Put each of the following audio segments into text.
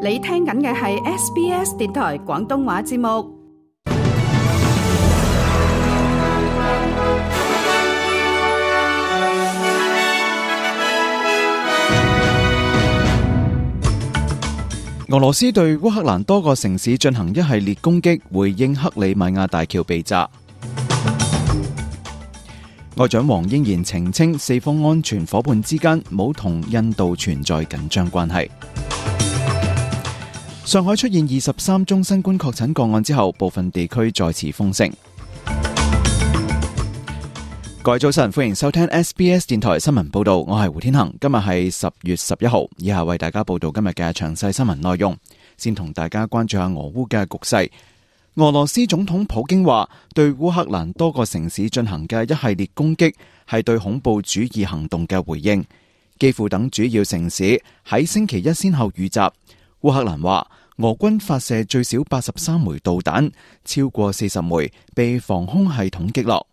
你聽緊嘅係 SBS 電台廣東話節目。俄羅斯對烏克蘭多個城市進行一系列攻擊，回應克里米亞大橋被炸。外長黃英賢澄清，四方安全伙伴之間冇同印度存在緊張關係。上海出現二十三宗新冠確診個案之後，部分地區再次封城。各位早晨，歡迎收聽 SBS 電台新聞報導，我係胡天恒，今天是月11日係十月十一號，以下為大家報道今日嘅詳細新聞內容。先同大家關注下俄烏嘅局勢。俄羅斯總統普京話：對烏克蘭多個城市進行嘅一系列攻擊係對恐怖主義行動嘅回應，基輔等主要城市喺星期一先後遇襲。烏克蘭話，俄軍發射最少八十三枚導彈，超過四十枚被防空系統擊落。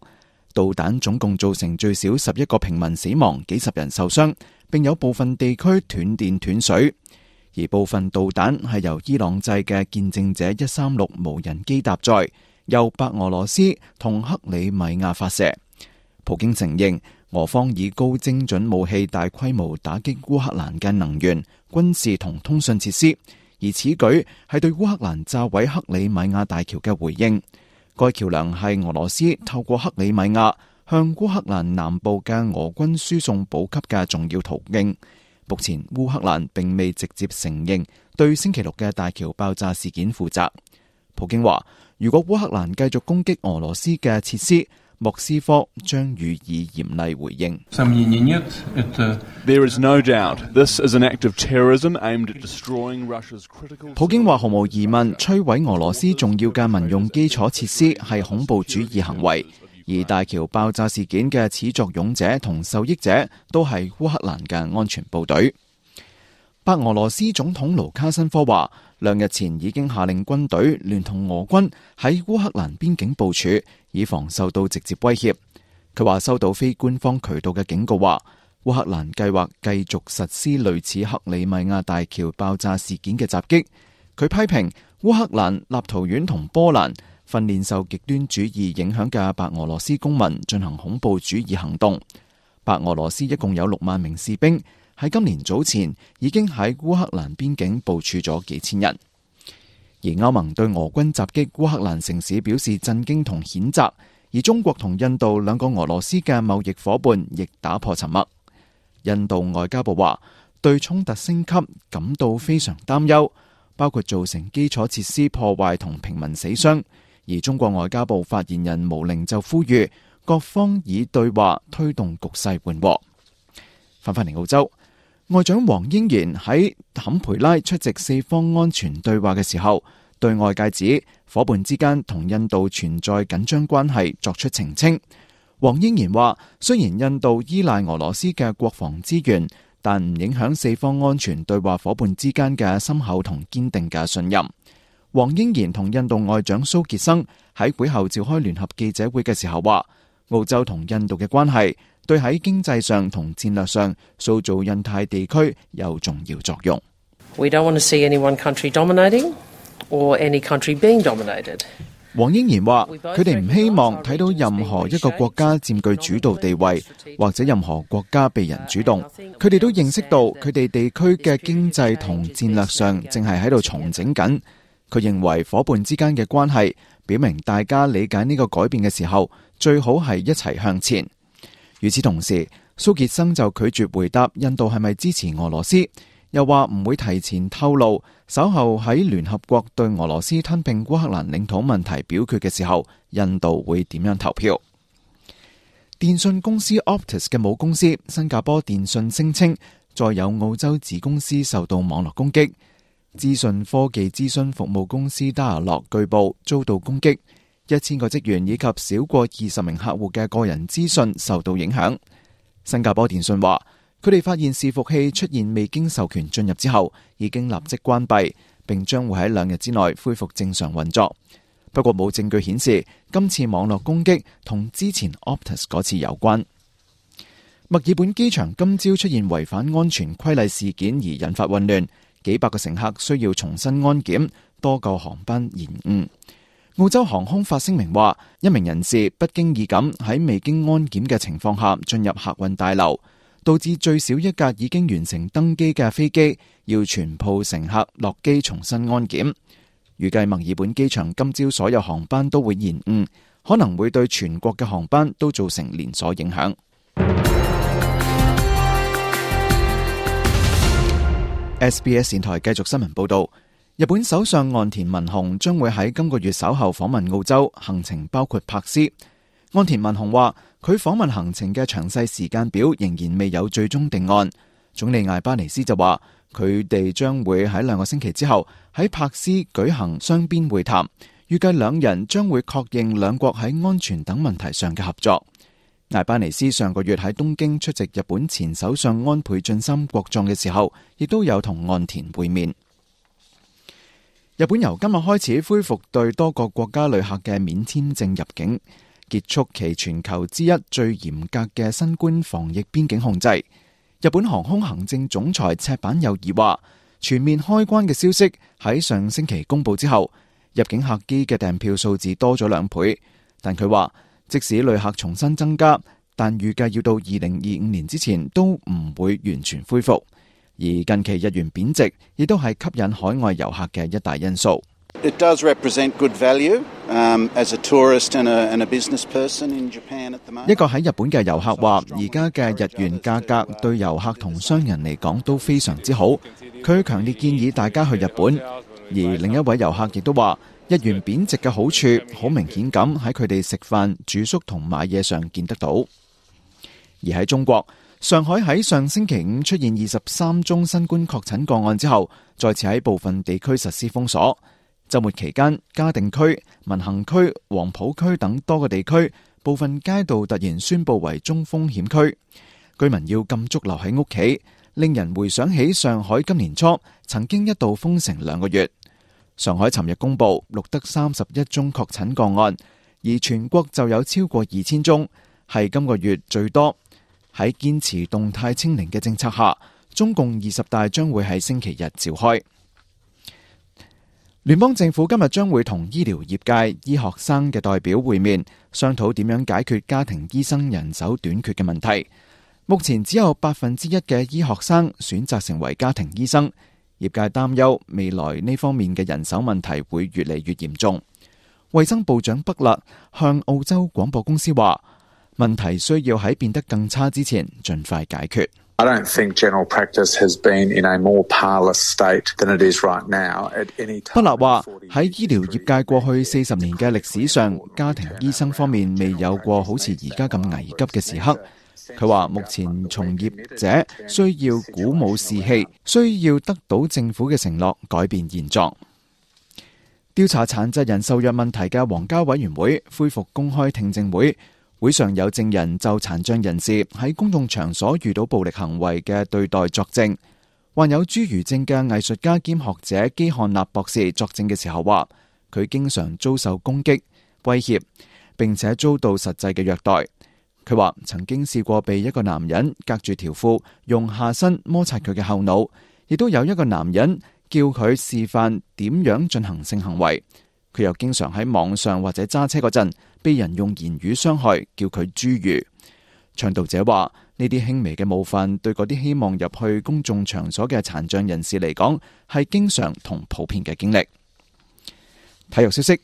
導彈總共造成最少十一個平民死亡，幾十人受傷，並有部分地區斷電斷水。而部分導彈係由伊朗製嘅見證者一三六無人機搭載，由白俄羅斯同克里米亞發射。普京承認。俄方以高精準武器大規模打擊烏克蘭嘅能源、軍事同通訊設施，而此舉係對烏克蘭炸毀克里米亞大橋嘅回應。該橋樑係俄羅斯透過克里米亞向烏克蘭南部嘅俄軍輸送補給嘅重要途徑。目前烏克蘭並未直接承認對星期六嘅大橋爆炸事件負責。普京話：如果烏克蘭繼續攻擊俄羅斯嘅設施，莫斯科將予以嚴厲回應。普京話，毫無疑問，摧毀俄羅斯重要嘅民用基礎設施係恐怖主義行為，而大橋爆炸事件嘅始作俑者同受益者都係烏克蘭嘅安全部隊。白俄羅斯總統盧卡申科話：兩日前已經下令軍隊聯同俄軍喺烏克蘭邊境部署，以防受到直接威脅。佢話收到非官方渠道嘅警告，話烏克蘭計劃繼續實施類似克里米亞大橋爆炸事件嘅襲擊。佢批評烏克蘭、立陶宛同波蘭訓練受極端主義影響嘅白俄羅斯公民進行恐怖主義行動。白俄羅斯一共有六萬名士兵。喺今年早前已經喺烏克蘭邊境部署咗幾千人，而歐盟對俄軍襲擊烏克蘭城市表示震驚同譴責，而中國同印度兩個俄羅斯嘅貿易伙伴亦打破沉默。印度外交部話對衝突升級感到非常擔憂，包括造成基礎設施破壞同平民死傷。而中國外交部發言人毛寧就呼籲各方以對話推動局勢緩和。翻返嚟澳洲。外長黃英賢喺坎培拉出席四方安全對話嘅時候，對外界指伙伴之間同印度存在緊張關係作出澄清。黃英賢話：雖然印度依賴俄羅斯嘅國防資源，但唔影響四方安全對話伙伴之間嘅深厚同堅定嘅信任。黃英賢同印度外長蘇傑生喺會後召開聯合記者會嘅時候話：澳洲同印度嘅關係。對喺經濟上同戰略上塑造印太地區有重要作用。We don't want to see any one country dominating or any country being dominated。黃英賢話：佢哋唔希望睇到任何一個國家佔據主導地位，或者任何國家被人主動。佢哋都認識到佢哋地區嘅經濟同戰略上正係喺度重整緊。佢認為伙伴之間嘅關係表明大家理解呢個改變嘅時候，最好係一齊向前。與此同時，蘇傑生就拒絕回答印度係咪支持俄羅斯，又話唔會提前透露，稍後喺聯合國對俄羅斯吞併烏克蘭領土問題表決嘅時候，印度會點樣投票。電信公司 Optus 嘅母公司新加坡電信聲稱，再有澳洲子公司受到網絡攻擊。資訊科技諮詢服務公司達亞洛據報遭到攻擊。一千個職員以及少過二十名客戶嘅個人資訊受到影響。新加坡電信話，佢哋發現伺服器出現未經授權進入之後，已經立即關閉，並將會喺兩日之內恢復正常運作。不過冇證據顯示今次網絡攻擊同之前 Optus 嗰次有關。墨爾本機場今朝出現違反安全規例事件而引發混亂，幾百個乘客需要重新安檢，多個航班延誤。澳洲航空發聲明話，一名人士不經意咁喺未經安檢嘅情況下進入客運大樓，導致最少一架已經完成登機嘅飛機要全部乘客落機重新安檢。預計墨爾本機場今朝所有航班都會延誤，可能會對全國嘅航班都造成連鎖影響。 SBS 電台繼續新聞報道。日本首相岸田文雄將會喺今個月稍後訪問澳洲，行程包括珀斯。岸田文雄話佢訪問行程嘅詳細時間表仍然未有最終定案。總理艾巴尼斯就話佢哋將會喺兩個星期之後喺珀斯舉行雙邊會談，預計兩人將會確認兩國喺安全等問題上嘅合作。艾巴尼斯上個月喺東京出席日本前首相安倍晉三國葬嘅時候，亦都有同岸田會面。日本由今日開始恢復對多個國家旅客嘅免簽證入境，結束其全球之一最嚴格嘅新冠防疫邊境控制。日本航空行政總裁赤坂友二話，全面開關嘅消息喺上星期公布之後，入境客機嘅訂票數字多咗兩倍。但佢話，即使旅客重新增加，但預計要到二零二五年之前都唔會完全恢復。而近期日元貶值，亦都係吸引海外遊客嘅一大因素。一個喺日本嘅遊客話：而家嘅日元價格對遊客同商人嚟講都非常之好。佢強烈建議大家去日本。而另一位遊客亦都話：日元貶值嘅好處好明顯咁喺佢哋食飯、住宿同買嘢上見得到。而喺中國。上海喺上星期五出現二十三宗新冠確診個案之後，再次喺部分地區實施封鎖。週末期間，嘉定區、閔行區、黃浦區等多個地區部分街道突然宣布為中風險區，居民要禁足留喺屋企，令人回想起上海今年初曾經一度封城兩個月。上海尋日公布錄得三十一宗確診個案，而全國就有超過二千宗，係今個月最多。喺堅持動態清零嘅政策下，中共二十大將會喺星期日召開。聯邦政府今日將會同醫療業界、醫學生嘅代表會面，商討點樣解決家庭醫生人手短缺嘅問題。目前只有百分之一嘅醫學生選擇成為家庭醫生，業界擔憂未來呢方面嘅人手問題會越嚟越嚴重。衛生部長北勒向澳洲廣播公司話。問題需要喺變得更差之前盡快解決。不納話喺醫療業界過去四十年嘅歷史上，家庭醫生方面未有過好似而家咁危急嘅時刻。佢話目前從業者需要鼓舞士氣，需要得到政府嘅承諾，改變現狀。調查殘疾人受虐問題嘅皇家委員會恢復公開聽證會。會上有證人就殘障人士喺公共場所遇到暴力行為嘅對待作證，患有侏儒症嘅藝術家兼學者基漢納博士作證嘅時候話，佢經常遭受攻擊、威脅，並且遭到實際嘅虐待。佢話曾經試過被一個男人隔住條褲用下身摩擦佢嘅後腦，亦都有一個男人叫佢示範點樣進行性行為。佢又經常喺網上或者揸車嗰陣，被人用言語傷害叫，叫佢侏儒。倡導者話：呢啲輕微嘅冒犯，對嗰啲希望入去公眾場所嘅殘障人士嚟講，係經常同普遍嘅經歷。體育消息：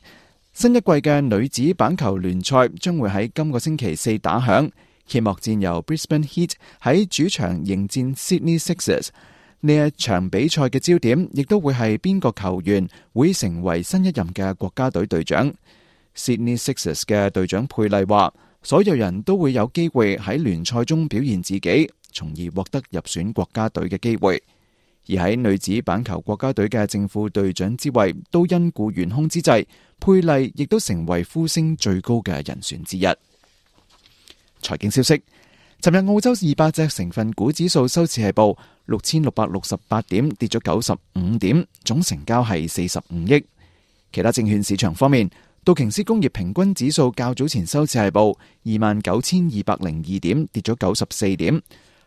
新一季嘅女子板球聯賽將會喺今個星期四打響，揭幕戰由 Brisbane Heat 喺主場迎戰 Sydney Sixers。呢一場比賽嘅焦點亦都會係邊個球員會成為新一任嘅國家隊隊長。Sydney Sixers 嘅隊長佩麗話，所有人都會有機會喺聯賽中表現自己，從而獲得入選國家隊嘅機會。而喺女子板球國家隊嘅正副隊長之位都因故懸空之際，佩麗亦都成為呼聲最高嘅人選之一。財經消息。尋日澳洲二百隻成分股指數收市係報六千六百六十八點，跌咗九十五點，總成交係四十五億。其他證券市場方面，道瓊斯工業平均指數較早前收市係報二萬九千二百零二點，跌咗九十四點。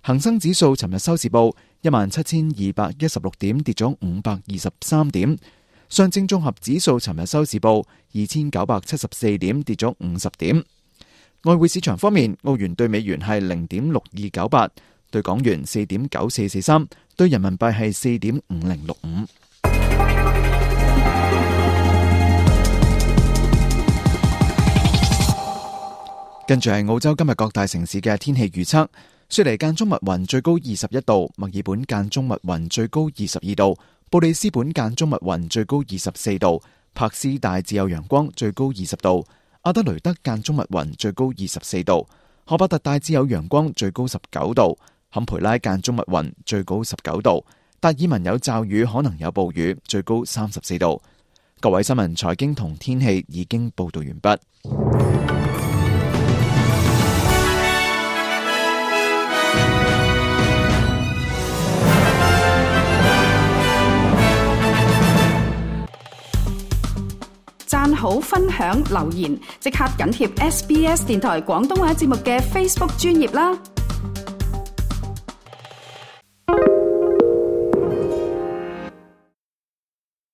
恒生指數尋日收市報一萬七千二百一十六點，跌咗五百二十三點。上證綜合指數尋日收市報二千九百七十四點，跌咗五十點。外匯市場方面，澳元對美元係零點六二九八，對港元四點九四四三，對人民幣係四點五零六五。跟住係澳洲今日各大城市嘅天氣預測，雪梨間中密雲，最高二十一度；墨爾本間中密雲，最高二十二度；布里斯本間中密雲，最高二十四度；柏斯大致有陽光，最高二十度。阿德雷德間中密雲，最高二十四度；赫伯特大致有陽光，最高十九度；坎培拉間中密雲，最高十九度；達爾文有驟雨，可能有暴雨，最高三十四度。各位新聞、財經同天氣已經報道完畢。好分享、留言，即刻緊貼 SBS 電台廣東話節目嘅 Facebook 專頁啦。